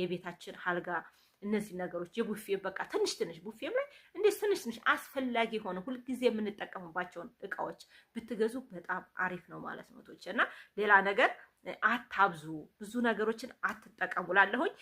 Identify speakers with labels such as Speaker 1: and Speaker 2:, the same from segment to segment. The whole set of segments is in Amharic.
Speaker 1: የቤታችን አልጋ፣ እነዚህ ነገሮች የቡፌ በቃ ትንሽ ትንሽ ቡፌም ላይ እንዴት ትንሽ ትንሽ አስፈላጊ የሆነ ሁልጊዜ የምንጠቀምባቸውን እቃዎች ብትገዙ በጣም አሪፍ ነው ማለት ነው ቶች እና ሌላ ነገር አታብዙ፣ ብዙ ነገሮችን አትጠቀሙ ላለሁኝ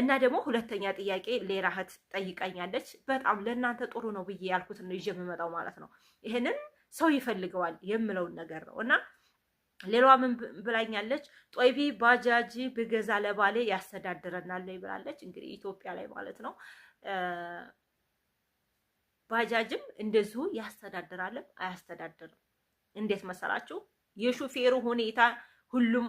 Speaker 1: እና ደግሞ ሁለተኛ ጥያቄ ሌላ እህት ጠይቀኛለች። በጣም ለእናንተ ጥሩ ነው ብዬ ያልኩትን ነው ይዤ የምመጣው ማለት ነው። ይህንን ሰው ይፈልገዋል የምለውን ነገር ነው እና ሌላዋ ምን ብላኛለች? ጦይቢ ባጃጂ ብገዛ ለባሌ ያስተዳድረናል ብላለች። እንግዲህ ኢትዮጵያ ላይ ማለት ነው። ባጃጅም እንደዚሁ ያስተዳድራልም አያስተዳድርም። እንዴት መሰላችሁ? የሹፌሩ ሁኔታ ሁሉም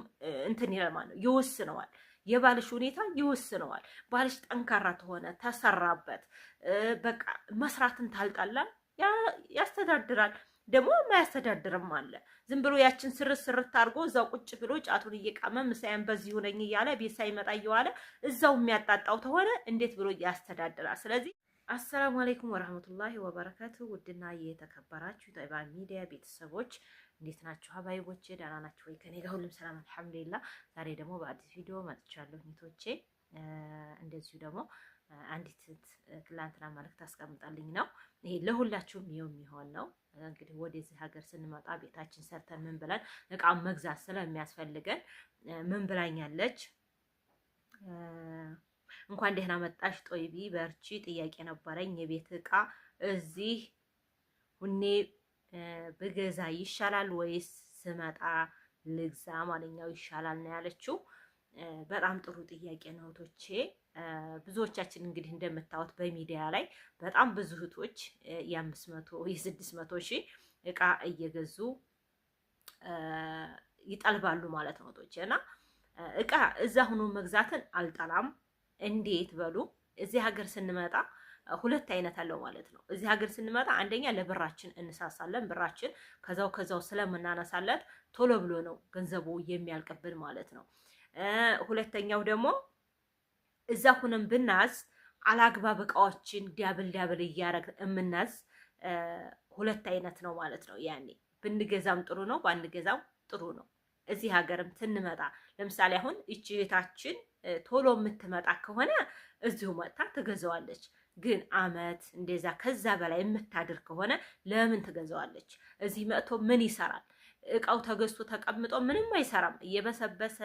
Speaker 1: እንትን ይለማ ነው ይወስነዋል። የባልሽ ሁኔታ ይወስነዋል። ባልሽ ጠንካራ ተሆነ ተሰራበት፣ በቃ መስራትን ታልጣላል፣ ያስተዳድራል ደግሞ ማያስተዳድርም አለ። ዝም ብሎ ያችን ስርት ስርት አድርጎ እዛው ቁጭ ብሎ ጫቱን እየቃመ ምሳያን በዚህ ሆነኝ እያለ ቤት ሳይመጣ እየዋለ እዛው የሚያጣጣው ተሆነ እንዴት ብሎ ያስተዳድራል? ስለዚህ አሰላሙ አለይኩም ወረህመቱላሂ ወበረከቱ። ውድና የተከበራችሁ ጠባ ሚዲያ ቤተሰቦች እንዴት ናችሁ? ሀባይቦቼ ደህና ናችሁ ወይ? ከኔ ጋር ሁሉም ሰላም አልሐምዱሊላ። ዛሬ ደግሞ በአዲስ ቪዲዮ መጥቻለሁ ሚቶቼ እንደዚሁ ደግሞ አንዲት ትላንትና መልዕክት አስቀምጣልኝ ነው። ይሄ ለሁላችሁም የሚሆን ነው። እንግዲህ ወደዚህ ሀገር ስንመጣ ቤታችን ሰርተን ምን ብለን እቃውን መግዛት ስለሚያስፈልገን ምን ብላኛለች? እንኳን ደህና መጣሽ ጦይቢ፣ በርቺ። ጥያቄ ነበረኝ የቤት እቃ እዚህ ሁኔ ብገዛ ይሻላል ወይስ ስመጣ ልግዛ? ማለኛው ይሻላል ነው ያለችው። በጣም ጥሩ ጥያቄ ነው ቶቼ። ብዙዎቻችን እንግዲህ እንደምታዩት በሚዲያ ላይ በጣም ብዙ እህቶች የአምስት መቶ የስድስት መቶ ሺህ እቃ እየገዙ ይጠልባሉ ማለት ነው። እህቶች እና እቃ እዛ ሁኖ መግዛትን አልጠላም። እንዴት በሉ እዚህ ሀገር ስንመጣ ሁለት አይነት አለው ማለት ነው። እዚህ ሀገር ስንመጣ አንደኛ ለብራችን እንሳሳለን። ብራችን ከዛው ከዛው ስለምናነሳለት ቶሎ ብሎ ነው ገንዘቡ የሚያልቅብን ማለት ነው። ሁለተኛው ደግሞ እዛ ሁነን ብናዝ አላግባብ እቃዎችን ዲያብል ዲያብል እያረግ የምናዝ ሁለት አይነት ነው ማለት ነው። ያኔ ብንገዛም ጥሩ ነው፣ ባንገዛም ጥሩ ነው። እዚህ ሀገርም ስንመጣ ለምሳሌ አሁን እቺ ቶሎ የምትመጣ ከሆነ እዚሁ መጥታ ትገዛዋለች። ግን አመት እንደዛ ከዛ በላይ የምታድር ከሆነ ለምን ትገዛዋለች? እዚህ መጥቶ ምን ይሰራል? እቃው ተገዝቶ ተቀምጦ ምንም አይሰራም። እየበሰበሰ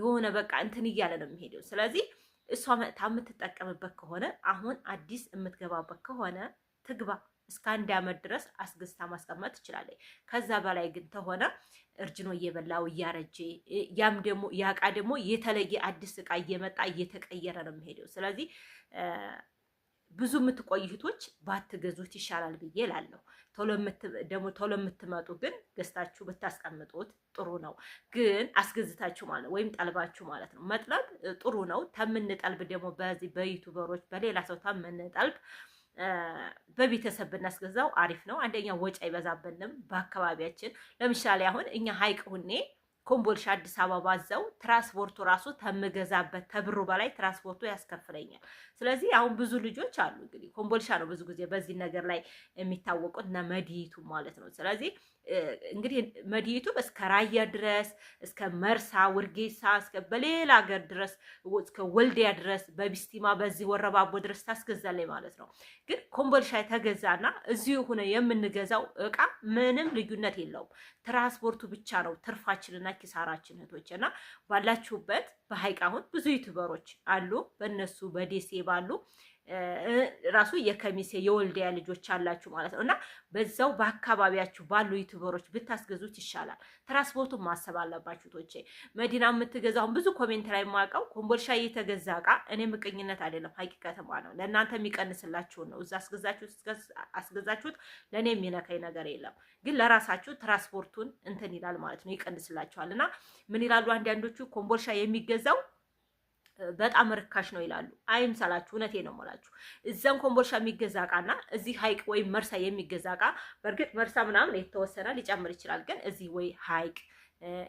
Speaker 1: የሆነ በቃ እንትን እያለ ነው የሚሄደው። ስለዚህ እሷ መጥታ የምትጠቀምበት ከሆነ አሁን አዲስ የምትገባበት ከሆነ ትግባ። እስከ አንድ ዓመት ድረስ አስገዝታ ማስቀመጥ ትችላለች። ከዛ በላይ ግን ተሆነ እርጅኖ እየበላው እያረጀ ያም ደግሞ ያቃ ደግሞ የተለየ አዲስ እቃ እየመጣ እየተቀየረ ነው የሚሄደው። ስለዚህ ብዙ የምትቆይ እህቶች ባትገዙት ይሻላል ብዬ እላለሁ። ደግሞ ቶሎ የምትመጡ ግን ገዝታችሁ ብታስቀምጡት ጥሩ ነው። ግን አስገዝታችሁ ማለት ነው ወይም ጠልባችሁ ማለት ነው። መጥለብ ጥሩ ነው። ተምንጠልብ ደግሞ በዚህ በዩቱበሮች በሌላ ሰው ተምንጠልብ በቤተሰብ ብናስገዛው አሪፍ ነው። አንደኛ ወጪ አይበዛብንም። በአካባቢያችን ለምሳሌ አሁን እኛ ሀይቅ ሁኔ ኮምቦልሻ አዲስ አበባ እዛው ትራንስፖርቱ ራሱ ተምገዛበት ተብሩ በላይ ትራንስፖርቱ ያስከፍለኛል። ስለዚህ አሁን ብዙ ልጆች አሉ እንግዲህ ኮምቦልሻ ነው ብዙ ጊዜ በዚህ ነገር ላይ የሚታወቁት እና መድይቱ ማለት ነው። ስለዚህ እንግዲህ መድይቱ እስከ ራያ ድረስ እስከ መርሳ ውርጌሳ፣ እስከ በሌላ ሀገር ድረስ እስከ ወልዲያ ድረስ በቢስቲማ በዚህ ወረባቦ ድረስ ታስገዛለኝ ማለት ነው። ግን ኮምቦልሻ የተገዛና እዚሁ ሆነ የምንገዛው እቃ ምንም ልዩነት የለውም። ትራንስፖርቱ ብቻ ነው ትርፋችንና ኪሳራችን እህቶች እና ባላችሁበት በሀይቅ አሁን ብዙ ዩቱበሮች አሉ። በእነሱ በደሴ ባሉ ራሱ የከሚሴ የወልዲያ ልጆች አላችሁ ማለት ነው። እና በዛው በአካባቢያችሁ ባሉ ዩቱበሮች ብታስገዙት ይሻላል። ትራንስፖርቱን ማሰብ አለባችሁ። ቶቼ መዲና የምትገዛ አሁን ብዙ ኮሜንት ላይ የማውቀው ኮምቦልሻ እየተገዛ እቃ እኔ ምቀኝነት አይደለም ሀቂቀትማ ነው። ለእናንተ የሚቀንስላችሁን ነው። እዛ አስገዛችሁት ለእኔ የሚነካኝ ነገር የለም። ግን ለራሳችሁ ትራንስፖርቱን እንትን ይላል ማለት ነው፣ ይቀንስላችኋል። እና ምን ይላሉ አንዳንዶቹ ኮምቦልሻ የሚገ የምንገዛው በጣም ርካሽ ነው ይላሉ። አይምሰላችሁ፣ እውነቴ ነው የምላችሁ። እዛን ኮምቦልሻ የሚገዛ እና እዚህ ሀይቅ ወይም መርሳ የሚገዛ እቃ፣ በእርግጥ መርሳ ምናምን የተወሰነ ሊጨምር ይችላል፣ ግን እዚህ ወይ ሀይቅ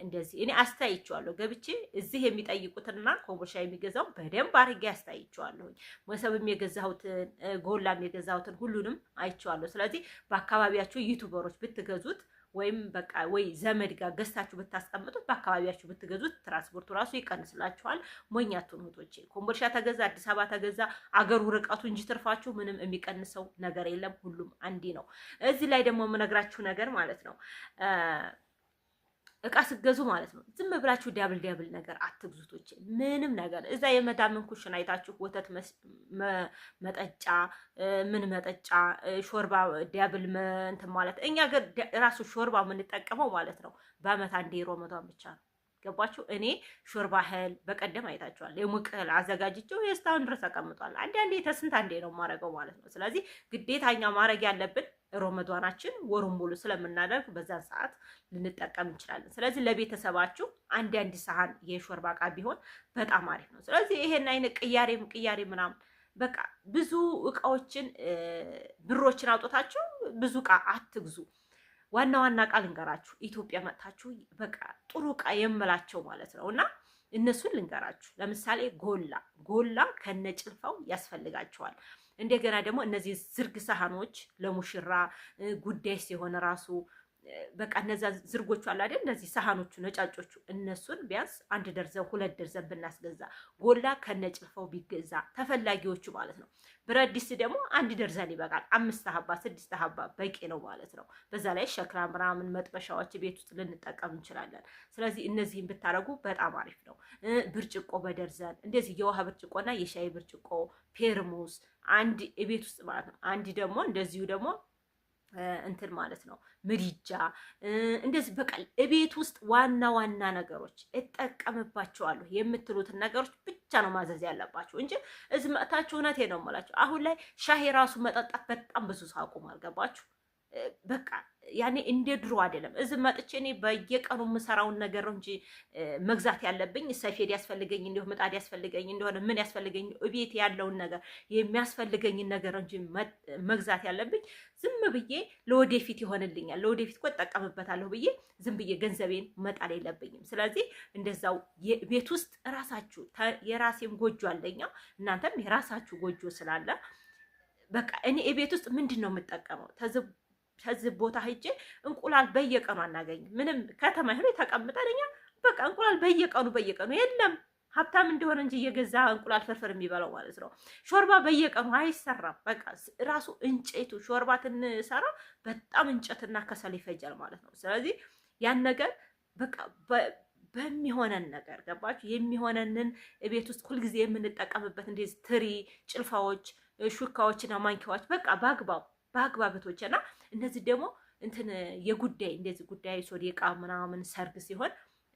Speaker 1: እንደዚህ እኔ አስተያይቸዋለሁ። ገብቼ እዚህ የሚጠይቁትና ኮምቦልሻ የሚገዛው በደንብ አድርጌ አስተያይቼዋለሁኝ። መሰብም የገዛሁትን ጎላም የገዛሁትን ሁሉንም አይቸዋለሁ ስለዚህ በአካባቢያችሁ ዩቱበሮች ብትገዙት ወይም በቃ ወይ ዘመድ ጋር ገዝታችሁ ብታስቀምጡት በአካባቢያችሁ ብትገዙት ትራንስፖርቱ ራሱ ይቀንስላችኋል። ሞኛቱን እህቶቼ ኮምቦልሻ ተገዛ፣ አዲስ አበባ ተገዛ፣ አገሩ ርቀቱ እንጂ ትርፋችሁ ምንም የሚቀንሰው ነገር የለም። ሁሉም አንዲ ነው። እዚህ ላይ ደግሞ የምነግራችሁ ነገር ማለት ነው እቃ ስገዙ ማለት ነው። ዝም ብላችሁ ዳብል ዲያብል ነገር አትግዙቶች። ምንም ነገር እዛ የመዳምን ኩሽን አይታችሁ ወተት መጠጫ፣ ምን መጠጫ፣ ሾርባ ዲያብል እንትን ማለት እኛ ገር ራሱ ሾርባ የምንጠቀመው ማለት ነው በአመት አንዴ ሮመዷን ብቻ ነው። ገባችሁ? እኔ ሾርባ እህል በቀደም አይታችኋል። የሙቅ እህል አዘጋጅቼው የስታሁን ድረስ ተቀምጧል። አንዳንዴ ተስንት አንዴ ነው ማረገው ማለት ነው። ስለዚህ ግዴታኛ ማድረግ ያለብን ሮመዷናችን ወሩን ሙሉ ስለምናደርግ በዛን ሰዓት ልንጠቀም እንችላለን። ስለዚህ ለቤተሰባችሁ አንድ አንድ ሰሃን የሾርባ እቃ ቢሆን በጣም አሪፍ ነው። ስለዚህ ይሄን አይነት ቅያሬም ቅያሬ ምናምን በቃ ብዙ እቃዎችን ብሮችን አውጥታችሁ ብዙ እቃ አትግዙ። ዋና ዋና እቃ ልንገራችሁ። ኢትዮጵያ መጥታችሁ በቃ ጥሩ እቃ የምላቸው ማለት ነው እና እነሱን ልንገራችሁ። ለምሳሌ ጎላ ጎላ ከነ ጭልፋው ያስፈልጋቸዋል። እንደገና ደግሞ እነዚህ ዝርግ ሳህኖች ለሙሽራ ጉዳይ ሲሆን ራሱ በቃ እነዛ ዝርጎቹ አሉ አይደል? እነዚህ ሳህኖቹ ነጫጮቹ፣ እነሱን ቢያንስ አንድ ደርዘን ሁለት ደርዘን ብናስገዛ፣ ጎላ ከነጭልፈው ቢገዛ ተፈላጊዎቹ ማለት ነው። ብረት ድስት ደግሞ አንድ ደርዘን ይበቃል። አምስት ሀባ ስድስት ሀባ በቂ ነው ማለት ነው። በዛ ላይ ሸክላ ምናምን መጥበሻዎች ቤት ውስጥ ልንጠቀም እንችላለን። ስለዚህ እነዚህን ብታደረጉ በጣም አሪፍ ነው። ብርጭቆ በደርዘን እንደዚህ የውሃ ብርጭቆና የሻይ ብርጭቆ ፔርሙስ አንድ ቤት ውስጥ ማለት ነው። አንድ ደግሞ እንደዚሁ ደግሞ እንትን ማለት ነው ምድጃ፣ እንደዚህ በቃ እቤት ውስጥ ዋና ዋና ነገሮች እጠቀምባቸዋለሁ የምትሉትን ነገሮች ብቻ ነው ማዘዝ ያለባቸው እንጂ እዚህ መጥታችሁ እውነቴን ነው የምላችሁ አሁን ላይ ሻሂ ራሱ መጠጣት በጣም ብዙ ሳቁም አልገባችሁ በቃ ያኔ እንደ ድሮ አይደለም። እዚህ መጥቼ እኔ በየቀኑ የምሰራውን ነገር ነው እንጂ መግዛት ያለብኝ ሰፌድ ያስፈልገኝ እንዲሁ ምጣድ ያስፈልገኝ እንደሆነ ምን ያስፈልገኝ እቤት ያለውን ነገር የሚያስፈልገኝን ነገር እንጂ መግዛት ያለብኝ ዝም ብዬ ለወደፊት ይሆንልኛል፣ ለወደፊት እኮ እጠቀምበታለሁ ብዬ ዝም ብዬ ገንዘቤን መጣል የለብኝም። ስለዚህ እንደዛው ቤት ውስጥ ራሳችሁ የራሴም ጎጆ አለኛ፣ እናንተም የራሳችሁ ጎጆ ስላለ በቃ እኔ የቤት ውስጥ ምንድን ነው የምጠቀመው ከዚህ ቦታ ሄጄ እንቁላል በየቀኑ አናገኝም። ምንም ከተማ ሄዶ ተቀምጠን እኛ በቃ እንቁላል በየቀኑ በየቀኑ የለም። ሀብታም እንደሆነ እንጂ እየገዛ እንቁላል ፍርፍር የሚበላው ማለት ነው። ሾርባ በየቀኑ አይሰራም። በቃ ራሱ እንጨቱ ሾርባ ትንሰራ በጣም እንጨትና ከሰል ይፈጃል ማለት ነው። ስለዚህ ያን ነገር በቃ በሚሆነን ነገር ገባችሁ? የሚሆነንን ቤት ውስጥ ሁልጊዜ የምንጠቀምበት እንደዚህ ትሪ፣ ጭልፋዎች፣ ሹካዎችና ማንኪያዎች በቃ በአግባቡ በአግባበቶች እና እነዚህ ደግሞ እንትን የጉዳይ እንደዚህ ጉዳይ ሶዴቃ ምናምን ሰርግ ሲሆን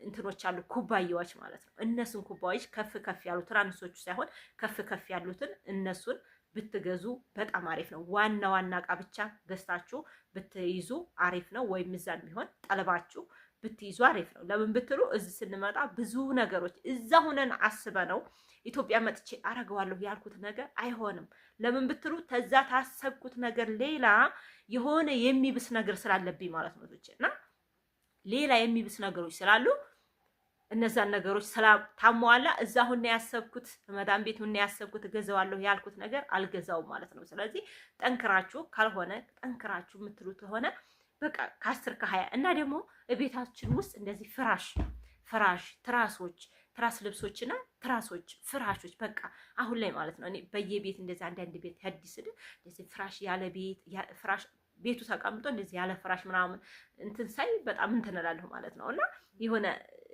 Speaker 1: እንትኖች አሉ ኩባያዎች ማለት ነው። እነሱን ኩባያዎች ከፍ ከፍ ያሉ ትራንሶቹ ሳይሆን ከፍ ከፍ ያሉትን እነሱን ብትገዙ በጣም አሪፍ ነው። ዋና ዋና እቃ ብቻ ገዝታችሁ ብትይዙ አሪፍ ነው። ወይም እዛ ቢሆን ጠልባችሁ ብትይዙ አሪፍ ነው። ለምን ብትሉ እዚህ ስንመጣ ብዙ ነገሮች እዛ ሁነን አስበ ነው ኢትዮጵያ መጥቼ አረገዋለሁ ያልኩት ነገር አይሆንም። ለምን ብትሉ ተዛ ታሰብኩት ነገር ሌላ የሆነ የሚብስ ነገር ስላለብኝ ማለት ነው እና ሌላ የሚብስ ነገሮች ስላሉ እነዛን ነገሮች ታሟላ እዛ ሁና ያሰብኩት መዳን ቤት ሁና ያሰብኩት እገዛዋለሁ ያልኩት ነገር አልገዛውም ማለት ነው። ስለዚህ ጠንክራችሁ ካልሆነ ጠንክራችሁ የምትሉት ከሆነ በቃ ከአስር ከሀያ እና ደግሞ ቤታችን ውስጥ እንደዚህ ፍራሽ ፍራሽ ትራሶች ትራስ ልብሶችና ትራሶች ፍራሾች በቃ አሁን ላይ ማለት ነው። እኔ በየቤት እንደዚህ አንዳንድ ቤት ያዲስ እንደዚህ ፍራሽ ያለ ቤት ፍራሽ ቤቱ ተቀምጦ እንደዚህ ያለ ፍራሽ ምናምን እንትን ሳይ በጣም እንትን እላለሁ ማለት ነው። እና የሆነ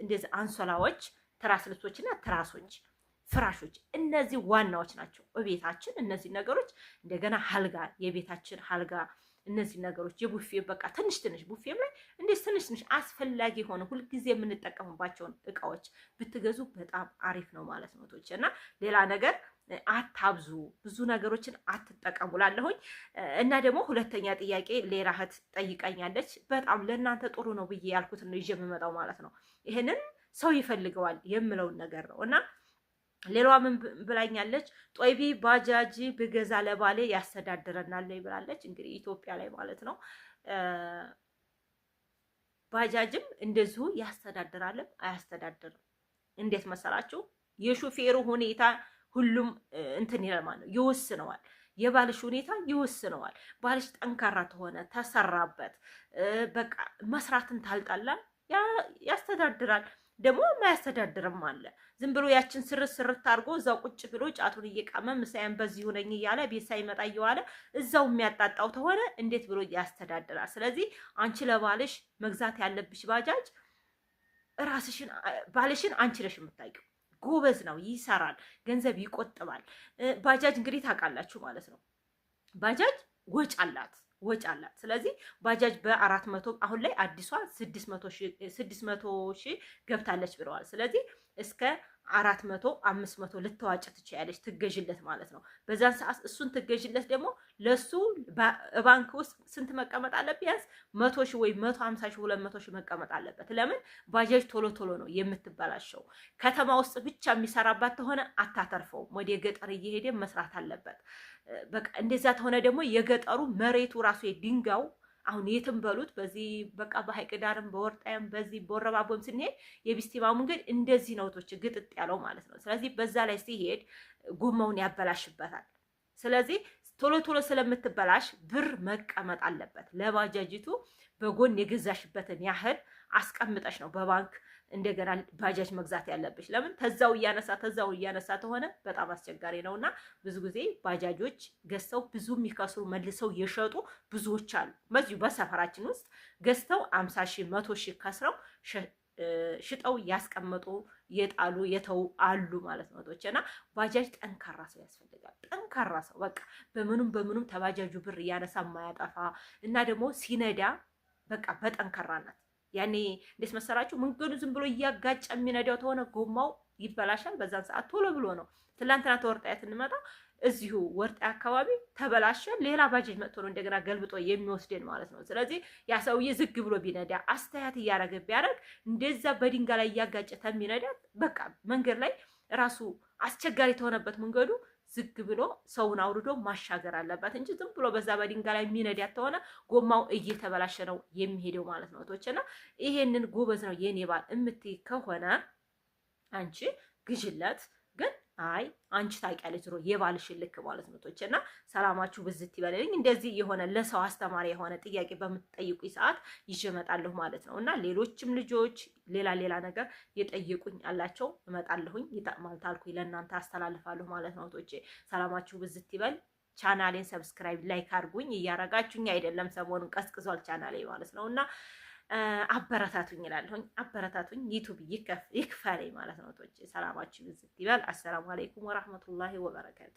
Speaker 1: እንደዚህ አንሶላዎች፣ ትራስ ልብሶችና ትራሶች፣ ፍራሾች እነዚህ ዋናዎች ናቸው። እቤታችን እነዚህ ነገሮች እንደገና ሀልጋ የቤታችን ሀልጋ እነዚህ ነገሮች የቡፌ በቃ ትንሽ ትንሽ ቡፌም ላይ እንዴት ትንሽ ትንሽ አስፈላጊ የሆነ ሁልጊዜ የምንጠቀምባቸውን እቃዎች ብትገዙ በጣም አሪፍ ነው ማለት ነው ቶች እና ሌላ ነገር አታብዙ፣ ብዙ ነገሮችን አትጠቀሙ ላለሁኝ እና ደግሞ ሁለተኛ ጥያቄ ሌላ እህት ጠይቀኛለች። በጣም ለእናንተ ጥሩ ነው ብዬ ያልኩትን ነው ይዤ የምመጣው ማለት ነው። ይህንን ሰው ይፈልገዋል የምለውን ነገር ነው እና ሌላዋ ምን ብላኛለች? ጦይቢ ባጃጅ ብገዛ ለባሌ ያስተዳድረናል ብላለች። እንግዲህ ኢትዮጵያ ላይ ማለት ነው። ባጃጅም እንደዚሁ ያስተዳድራልም አያስተዳድርም። እንዴት መሰላችሁ? የሹፌሩ ሁኔታ ሁሉም እንትን ይላል ማለት ነው፣ ይወስነዋል። የባልሽ ሁኔታ ይወስነዋል። ባልሽ ጠንካራ ተሆነ ተሰራበት፣ በቃ መስራትን ታልጣላ ያስተዳድራል። ደግሞ ማያስተዳድርም አለ። ዝም ብሎ ያችን ስርት ስርት አድርጎ እዛው ቁጭ ብሎ ጫቱን እየቃመ ምሳያን በዚህ ሆነኝ እያለ ቤት ሳይመጣ እየዋለ እዛው የሚያጣጣው ተሆነ እንዴት ብሎ ያስተዳድራል? ስለዚህ አንቺ ለባልሽ መግዛት ያለብሽ ባጃጅ ራስሽን ባልሽን አንቺ ነሽ የምታውቂው። ጎበዝ ነው፣ ይሰራል፣ ገንዘብ ይቆጥባል። ባጃጅ እንግዲህ ታውቃላችሁ ማለት ነው። ባጃጅ ወጭ አላት። ወጪ አላት። ስለዚህ ባጃጅ በአራት መቶ አሁን ላይ አዲሷ ስድስት መቶ ሺህ ገብታለች ብለዋል። ስለዚህ እስከ አራት መቶ አምስት መቶ ልትዋጭ ትችያለች፣ ትገዥለት ማለት ነው። በዛን ሰዓት እሱን ትገዥለት ደግሞ ለሱ ባንክ ውስጥ ስንት መቀመጥ አለበት ቢያንስ መቶ ሺ ወይ መቶ ሀምሳ ሺ ሁለት መቶ ሺ መቀመጥ አለበት። ለምን ባጃጅ ቶሎ ቶሎ ነው የምትበላሸው። ከተማ ውስጥ ብቻ የሚሰራባት ተሆነ አታተርፈውም። ወደ ገጠር እየሄደ መስራት አለበት። በቃ እንደዛ ተሆነ ደግሞ የገጠሩ መሬቱ ራሱ የድንጋው አሁን የትም በሉት በዚህ በቃ በሀይቅ ዳርም በወርጣይም በዚህ በወረባቦም ስንሄድ የቢስቲማው ግን እንደዚህ ነው ቶች ግጥጥ ያለው ማለት ነው። ስለዚህ በዛ ላይ ሲሄድ ጎማውን ያበላሽበታል። ስለዚህ ቶሎ ቶሎ ስለምትበላሽ ብር መቀመጥ አለበት። ለባጃጅቱ በጎን የገዛሽበትን ያህል አስቀምጠሽ ነው በባንክ እንደገና ባጃጅ መግዛት ያለብሽ። ለምን ተዛው እያነሳ ተዛው እያነሳ ተሆነ በጣም አስቸጋሪ ነው እና ብዙ ጊዜ ባጃጆች ገዝተው ብዙ የሚከስሩ መልሰው የሸጡ ብዙዎች አሉ። በዚሁ በሰፈራችን ውስጥ ገዝተው አምሳ ሺ መቶ ሺ ከስረው ሽጠው ያስቀመጡ የጣሉ የተው አሉ ማለት ነው። እና ባጃጅ ጠንካራ ሰው ያስፈልጋል። ጠንካራ ሰው በቃ በምኑም በምኑም ተባጃጁ ብር እያነሳ የማያጠፋ እና ደግሞ ሲነዳ በቃ በጠንካራ ናት። ያኔ እንዴት መሰራችሁ? መንገዱ ዝም ብሎ እያጋጨ የሚነዳው ተሆነ ጎማው ይበላሻል። በዛን ሰዓት ቶሎ ብሎ ነው ትላንትና ተወርጣያ ስንመጣ እዚሁ ወርጣ አካባቢ ተበላሸ። ሌላ ባጃጅ መጥቶ ነው እንደገና ገልብጦ የሚወስደን ማለት ነው። ስለዚህ ያ ሰውዬ ዝግ ብሎ ቢነዳ አስተያየት እያደረገ ቢያደርግ እንደዛ በድንጋይ ላይ እያጋጨ ተሚነዳ በቃ መንገድ ላይ ራሱ አስቸጋሪ የተሆነበት መንገዱ ዝግ ብሎ ሰውን አውርዶ ማሻገር አለባት እንጂ ዝም ብሎ በዛ በድንጋይ ላይ የሚነዳት ተሆነ ጎማው እየተበላሸ ነው የሚሄደው ማለት ነው እህቶች። እና ይሄንን ጎበዝ ነው የኔ ባል እምትይ ከሆነ አንቺ ግዥለት ግን አይ አንቺ ታውቂያለሽ፣ ዞሮ የባልሽ ልክ ማለት ነው። ቶች እና ሰላማችሁ ብዝት ይበልልኝ። እንደዚህ የሆነ ለሰው አስተማሪ የሆነ ጥያቄ በምትጠይቁኝ ሰዓት ይዤ እመጣለሁ ማለት ነው እና ሌሎችም ልጆች ሌላ ሌላ ነገር የጠየቁኝ አላቸው፣ እመጣለሁኝ። ይጠቅማል ታልኩኝ ለእናንተ አስተላልፋለሁ ማለት ነው። ቶቼ ሰላማችሁ ብዝት ይበል። ቻናሌን ሰብስክራይብ፣ ላይክ አድርጉኝ። እያረጋችሁኝ አይደለም፣ ሰሞኑን ቀስቅዟል ቻናሌ ማለት ነው እና አበረታቱኝ ይላለሁኝ። አበረታቱኝ ዩቱብ ይክፈለኝ ማለት ነው። ቶች ሰላማችሁ ይብዛ ይበል። አሰላሙ አለይኩም ወራህመቱላሂ ወበረካቱ